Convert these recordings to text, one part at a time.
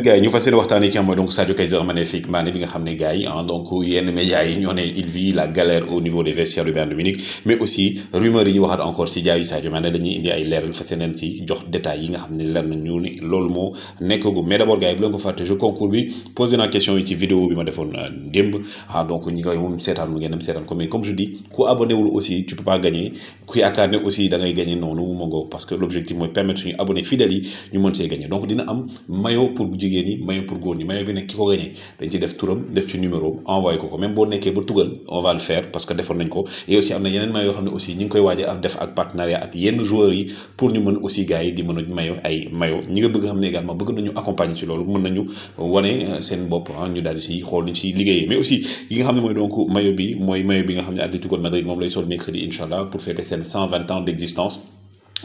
gars ñu fas yéene ci ki donc Sadio Kaiser magnifique Mané bi nga xamné ne gars yi ah, donc yenn média yi ñoo il vit la galère au niveau des vestiaires du Bayern de Munich mais aussi rumeur yi ñu waxat encore ci jaayu Sadio Mané la indi ay leeral fas yéeneen ci jox détails yi nga xamné ne na ñu ni mo moo gu mais d'abord abord gars bu leen ko faté je concours bi poser naa question yi ci vidéo bi ma défon euh, démb ah donc ñi koy moom seetaan mu ngeen dem seetaan ko mais comme je dis ku abonné wul aussi tu peux pas gagner ku yaakaar aussi da ngay gagner nonu mu ngoog parce que l'objectif objectif permettre suñu abonné fidèles yi ñu mën see gagner donc dina am maillot pour jigéen ñi maillot pour góor ñi maillot bi nag ki ko gagné dañ ci def turam def ci numéro envoyé ko ko même boo nekkee ba tugal on va le faire parce que defoon nañ ko et aussi am na yeneen maillot yoo xam ne aussi ñi ngi koy waaje ak def ak partenariat ak yenn joueurs yi pour ñu mën aussi gars yi di mën a maillot ay maillot ñi nga bëgg xam ne également bëgg nañu accompagner ci loolu mën nañu wane euh, seen bopp ah, ñu daal di si xool ñu si liggéeyee mais aussi yi nga xam ne mooy donc maillot bi mooy maillot bi nga xam ne Atlético Madrid moom lay sol mercredi incha allah pour fêter seen 120 ans d'existence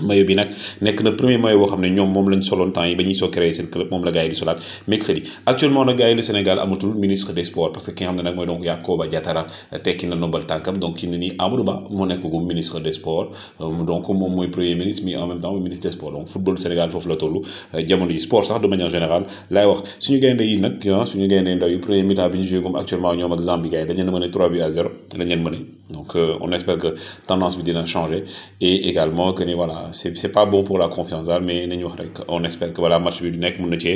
maillot bi nak nek na premier maillot boo xam ñom mom lañ soloon temps yi ba so créer sen club mom la gaay di solaat mercredi actuellement na gaay le Sénégal amatul ministre des sports parce que ki nga nak moy donc yakoba Diattara tekki na nombal tankam donc ki ne Amadou Ba mo nek gu ministre des sports euh, donc mom moy premier ministre mais en même temps ministre des sports donc football Sénégal fofu la tollu euh, jamono yi sport sax de manière générale lay wax suñu gaynde yi nak ah, suñu gaynde ndaw yi premier mi-temps bi ñu comme actuellement ñom ak Zambie gars yi dañ leen mën 3 buts à 0 dañ leen mën donc euh, on espère que tendance bi dina changer et également que voilà c'est c'est pas bon pour la confiance hein, mais on espère que voilà match va du bon mën na qui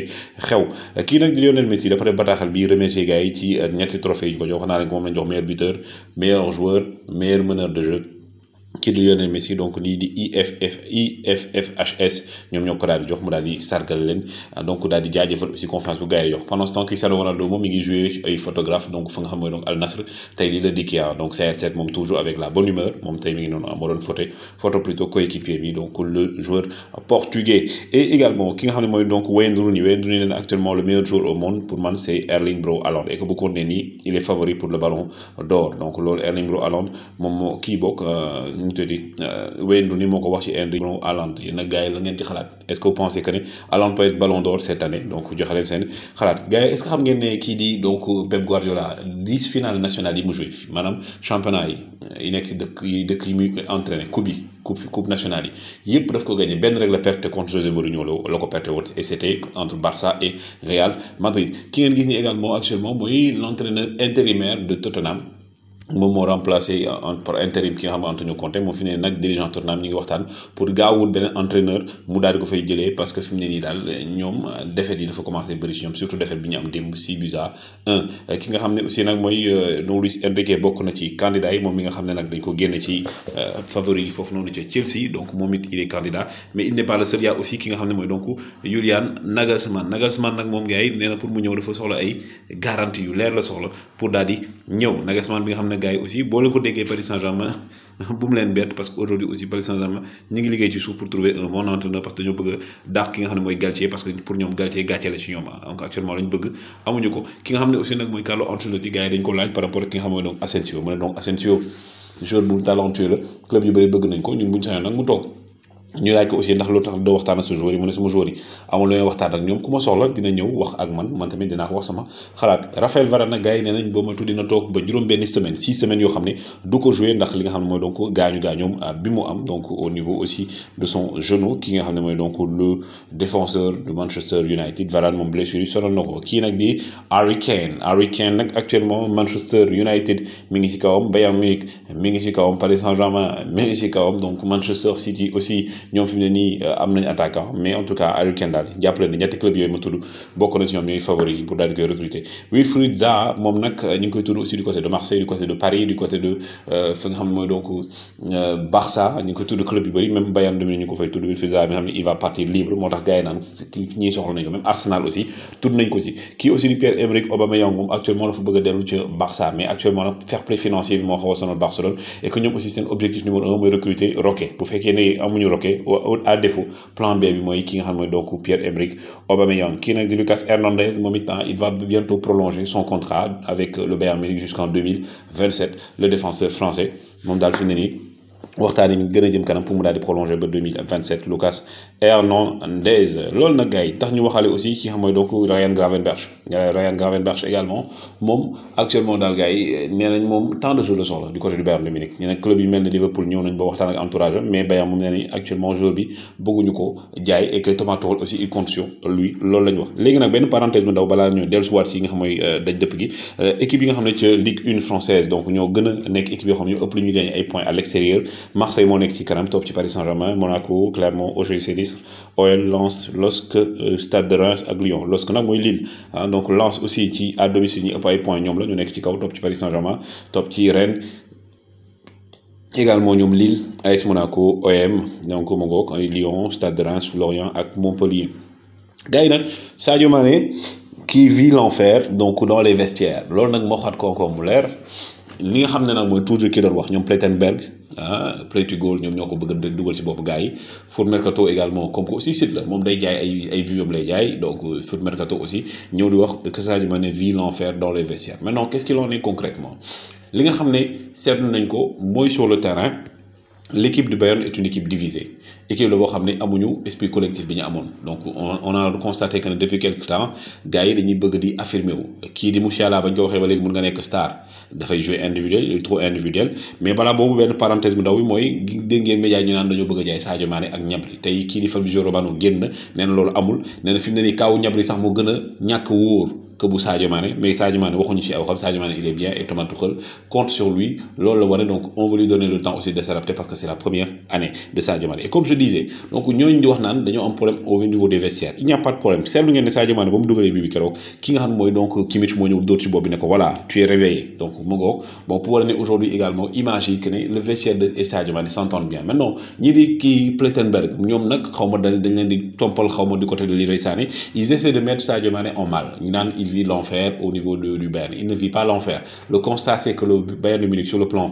xew kii nag Lionel Messi dafa def bataaxal bi remercier gars yi ci euh, ñetti trophée yi ko jox naa ne moom meilleur buteur meilleur joueur meilleur meneur de jeu lui le Lionel Messi donc l'IFFHS, di IFFHS confiance pendant ce temps Cristiano Ronaldo photographe donc Al Nassr donc c'est toujours avec la bonne humeur il photo plutôt coéquipier donc le joueur portugais et également qui a donc Wayne actuellement le meilleur joueur au monde pour moi c'est Erling Bro et que beaucoup il est favori pour le ballon d'or donc Erling mu tëddi euh, Wayne Rooney moo ko wax ci Henry Haaland yéen nag la ngeen est-ce que vous pensez que ne aland peut être ballon d'or cette année donc je leen seen xalaat est-ce que xam ngeen ne kii di donc Pep Guardiola dix finale nationale yi mu joué manam championnat yi yi nekk de dëkk yi yi entraîné coupe coupe coupe nationale yi yëpp daf ko gagner ben rek la perte contre José Mourinho la la ko perte et c'était entre Barça et Real Madrid ki ngeen gis ni également actuellement oui l'entraîneur intérimaire de Tottenham moom moo remplacé par intérim ki nga xam ne Antonio Conte moom fi ne nag dirigeant Tottenham ñu ngi waxtaan pour gaawul beneen entraîneur mu daal di ko fay jëlee parce que fi mu ne nii daal ñoom défaite yi dafa commencé bëri si ñoom surtout défaite bi ñu am démb six buts 1 ki nga xam ne aussi nag mooy euh, Don Luis Enrique bokk na ci candidat yi moom mi nga xam ne nag dañ ko génne ci euh, favori yi foofu noonu ca Chelsea donc moom it il est candidat mais il n'est pas le seul y a aussi ki nga xam ne mooy donc Julian Nagelsmann Nagelsmann nag moom gars yi nee na pour mu ñëw dafa soxla ay garantie yu leer la soxla pour daal di ñëw Nagelsmann bi nga xam ne ne gars aussi bo leen ko déggee Paris Saint-Germain bu len leen parce que aujourd'hui aussi Paris Saint-Germain ñi ngi liggéey ci sou pour trouver un bon entraîneur parce que dañu bëgg a ki nga xamné moy mooy Galtier parce que pour ñom Galtier gatché la ci ñom ah, donc actuellement lañu bëgg amuñu ko ki nga xamné aussi nak moy Carlo Ancelotti gars dañ ko laaj par rapport ak ki nga xamné donc Asensio mu donc Asensio joueur bu talentueux la club yu bari bëgg nañ ko ñun buñu sañoon nak mu tok ñu laaj ko aussi ndax lu tax doo waxtaan ak sa joueur yi mu ne sama joueur yi amul lu may waxtaan ak ñoom ku ma soxla dina ñëw wax ak man man tamit dinaa ko wax sama xalaat Raphaël Varane gars yi nee nañ ba ma tudd dina toog ba juróom-benn semaine six semaines yoo xam ne du ko joué ndax li nga xam ne mooy donc gaañu gaañoom euh, bi mu am donc au niveau aussi de son genou ki nga xam ne mooy donc le défenseur de Manchester United Varane moom blessure yi sonal na ko kii nag di Harry Kane Harry Kane nag actuellement Manchester United mi ngi ci kawam Bayern Munich mi ngi ci kawam Paris Saint-Germain mi ngi ci kawam donc Manchester City aussi ñoom fi mu ne nii euh, am nañ attaquant mais en tout cas Aliou Kenda daal jàppale ne ñetti club yooyu ma tudd bokk na si ñoom ñooy favori pour daal di koy recruter Wilfried Zaha moom nag euh, ñu ngi koy tudd aussi du côté de Marseille du côté de Paris du côté de euh, fi nga xam mooy donc Barça ñu ngi koy tudd club yu bëri même Bayern Munich ñu ko fay tudd Wilfried Zaha bi nga xam ne il va partir libre moo tax gars yi naan ñii soxla nañ ko même Arsenal aussi tudd nañ ko si kii aussi di Pierre-Emerick Aubameyang moom actuellement dafa bëgg a dellu ci Barça mais actuellement nag fair play financier bi moo xaw a sonal Barcelone et que ñoom aussi seen objectif numéro un mooy recruter Roquet bu fekkee ne amuñu Roquet à défaut plan B qui donc Pierre-Emerick Aubameyang qui De Lucas Hernandez ah, il va bientôt prolonger son contrat avec le Bayern jusqu'en 2027 le défenseur français Mondal Finini waxtaan ñu gën a jëm kanam pour mu daal di prolonger ba 2027 Lucas Hernandez loolu nag gars yi tax ñu waxale aussi ci xam mooy donc Ryan Gravenberch Ryan Gravenberch également moom actuellement daal gars yi nee nañ moom temps de jeu de soxla du côté du Bayern de Munich nee club yu mel ne Liverpool ñëw nañ ba waxtaan ak entourage mais Bayern moom nee nañ actuellement jour bi bëgguñu ko jaay et que Thomas Tuchel aussi il compte sur lui loolu la ñu wax léegi nag benn parenthèse bu ndaw balaa ñëw dellusiwaat ci nga xam mooy euh, daj dëpp gi euh, équipe yi nga xam ne ci Ligue 1 française donc ñoo gën a nekk équipe yoo xam ne ñoo ëpp lu ñu gagné ay points à l'extérieur Marseille moo nekk ci kanam top ci Paris Saint-Germain Monaco Clermont OGC Nice OL Lens lorsque euh, Stade de Reims à Lyon lorsque nous avons Lille hein. donc Lens aussi ci à domicile au ëpp la ñu nekk ci kaw ci Paris Saint-Germain top ci Rennes également ñoom Lille AS Monaco OM donc mu ngoog ay Lyon Stade de Reims Lorient à Montpellier gars yi Sadio Mané qui vit l'enfer donc dans les vestiaires loolu nag moo xat kookoo mu leer li nga xam ne nag mooy toujours ki doon wax ñoom Plettenberg ah play Gol, goal ñoom ñoo ko bëgg a dugal ci bopp gars yi Mercato également comme que aussi site la moom day jaay ay ay vues am lay jaay donc euh, Foot Mercato aussi ñëw di wax que Sadio Mané vit l'enfer dans les vestiaires maintenant qu'est-ce qu'il en est concrètement li nga xam ne seetlu nañ ko mooy sur le terrain l'équipe de Bayern est une équipe divisée équipe la boo xam ne amuñu esprit collectif bi ñu amoon donc on a constaté que ne depuis quelque temps gars yi dañuy bëgg di affirmer wu kii di Musiala ba ñu ko waxee ba léegi mun nga nekk star dafay jouer individuel il trop individuel mais balaa bobu ben parenthèse bu ndaw moy de ngeen media ñu naan dañu bëgg a jaay Sadio Mané ak Niabry tey kii di bi joro banu genn na loolu amul nee fi mu ne nii kaawu sax mo gëna ñak woor wóor que bu Sadio Mané mais Sadio Mané ñu ci aw xam Sadio Mané il est bien et Thomas Tuchel compte sur lui loolu la wane donc on veut lui donner le temps aussi de s'adapter parce que c'est la première année de Sadio Mané et comme je disais donc ñooñu di wax naan dañu am problème au niveau des vestiaires il n'y a pas de problème seetlu ngeen ne Sadio Mané ba mu dugalee bii bi keroog ki nga xam moy donc Kimmich mo ñëw dóor ci bobu bi ne ko voilà tu es réveillé donc bon pour l'année aujourd'hui également imaginez que le vestiaire de Sadio Mané s'entend bien maintenant il di qui Plettenberg ñoom nag du côté de Leroy Sané ils essaient de mettre Sadio Mané en mal il vit l'enfer au niveau de du il ne vit pas l'enfer le constat c'est que le Bayern de Munich sur le plan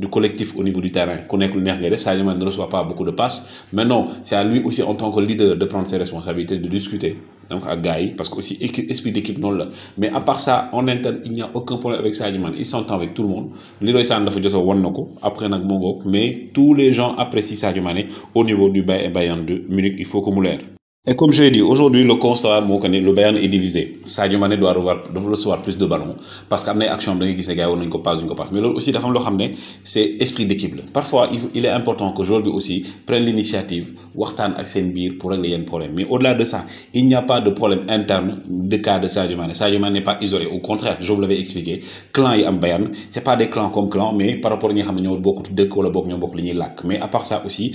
du collectif au niveau du terrain. Connaît le Guedes, Sadio ne reçoit pas beaucoup de passes. non c'est à lui aussi en tant que leader de prendre ses responsabilités, de discuter. Donc à Gaï, parce que aussi esprit d'équipe non là. Mais à part ça, en interne, il n'y a aucun problème avec Sadio Il s'entend avec tout le monde. Leroy après goût mais tous les gens apprécient Sadio au niveau du Bayern de Munich. Il faut que Mouler. Et comme je l'ai dit, aujourd'hui, le constat, le Bayern est divisé. Sadio Mané doit recevoir, plus de ballons. Parce qu'il y a une action qui se gagne, on passe, on passe. Mais aussi, c'est l'esprit d'équipe. Parfois, il est important que aussi prenne l'initiative, Wartan Aksenbir pour régler un problème. Mais au-delà de ça, il n'y a pas de problème interne de cas de Sadio Mané. Sadio Mané n'est pas isolé. Au contraire, je vous l'avais expliqué, clan et Bayern, n'est pas des clans comme clans, mais par rapport à a beaucoup de a beaucoup de lacs. Mais à part ça aussi,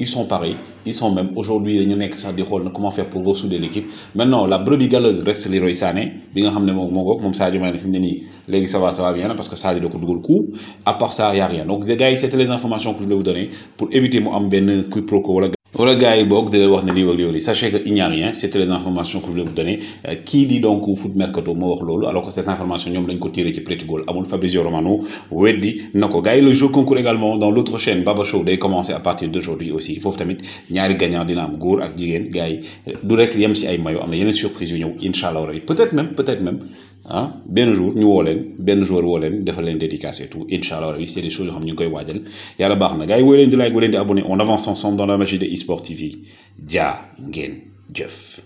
ils sont pareils. Ils sont même aujourd'hui, ils ça sax di xol na comment faire pour ressouder l'équipe maintenant la brebis galeuse reste Leroy Sané bi nga xamné mom mom Sadio Mané ça va bien parce que Sadio a ko dugal coup à part ça il y a rien donc gars c'était les informations que je voulais vous donner pour éviter mo am benn quiproquo wala les gars que il n'y a rien c'était les informations que je voulais vous donner euh, qui dit donc foot mercato wax alors que cette information ñom lañ ko tirer ci Pretty Goal amul Fabrizio Romano weddi le jeu concourt également dans l'autre chaîne Baba Show day à partir d'aujourd'hui aussi tamit ñaari gagnant ak gars du rek ci ay surprise peut-être même peut-être même ah le jour ñu woo bien le jour woo defal dédicace et tout inshallah rabbi c'est des choses que nous ñu ngi koy waajal yàlla baax na gars yi di like abonner. di on avance ensemble dans la magie de eSport TV Dia ngène Djef.